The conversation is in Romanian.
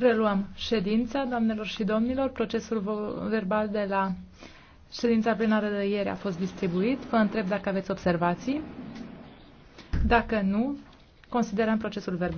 Reluăm ședința, doamnelor și domnilor. Procesul verbal de la ședința plenară de ieri a fost distribuit. Vă întreb dacă aveți observații. Dacă nu, considerăm procesul verbal.